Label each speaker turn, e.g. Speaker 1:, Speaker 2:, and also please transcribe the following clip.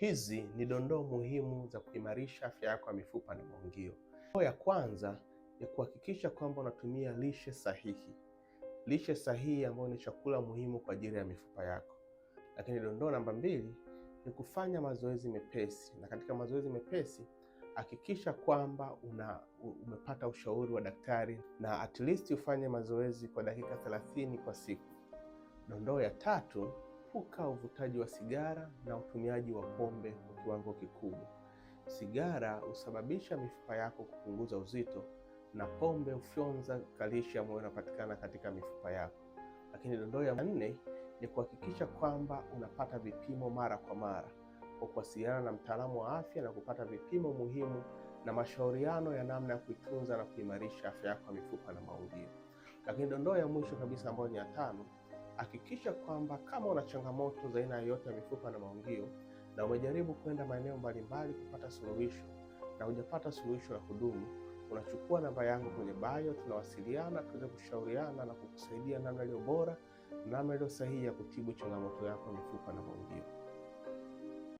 Speaker 1: Hizi ni dondoo muhimu za kuimarisha afya yako ya mifupa na maungio. Dondoo ya kwanza ni kuhakikisha kwamba unatumia lishe sahihi. Lishe sahihi ambayo ni chakula muhimu kwa ajili ya mifupa yako. Lakini dondoo namba mbili ni kufanya mazoezi mepesi, na katika mazoezi mepesi hakikisha kwamba una umepata ushauri wa daktari na at least ufanye mazoezi kwa dakika 30 kwa siku. Dondoo ya tatu Epuka uvutaji wa sigara na utumiaji wa pombe kwa kiwango kikubwa. Sigara husababisha mifupa yako kupunguza uzito na pombe hufyonza kalsiamu ambayo inapatikana katika mifupa yako. Lakini dondoo ya nne ni kuhakikisha kwamba unapata vipimo mara kwa mara kwa kuwasiliana na mtaalamu wa afya na kupata vipimo muhimu na mashauriano ya namna ya kuitunza na kuimarisha afya yako ya mifupa na maungio. Lakini dondoo ya mwisho kabisa ambayo ni ya tano Hakikisha kwamba kama una changamoto za aina yoyote ya mifupa na maungio na umejaribu kwenda maeneo mbalimbali kupata suluhisho na hujapata suluhisho la kudumu, unachukua namba yangu kwenye bayo tunawasiliana tuweze kushauriana na kukusaidia namna iliyo bora, namna iliyo sahihi ya kutibu changamoto yako mifupa na maungio.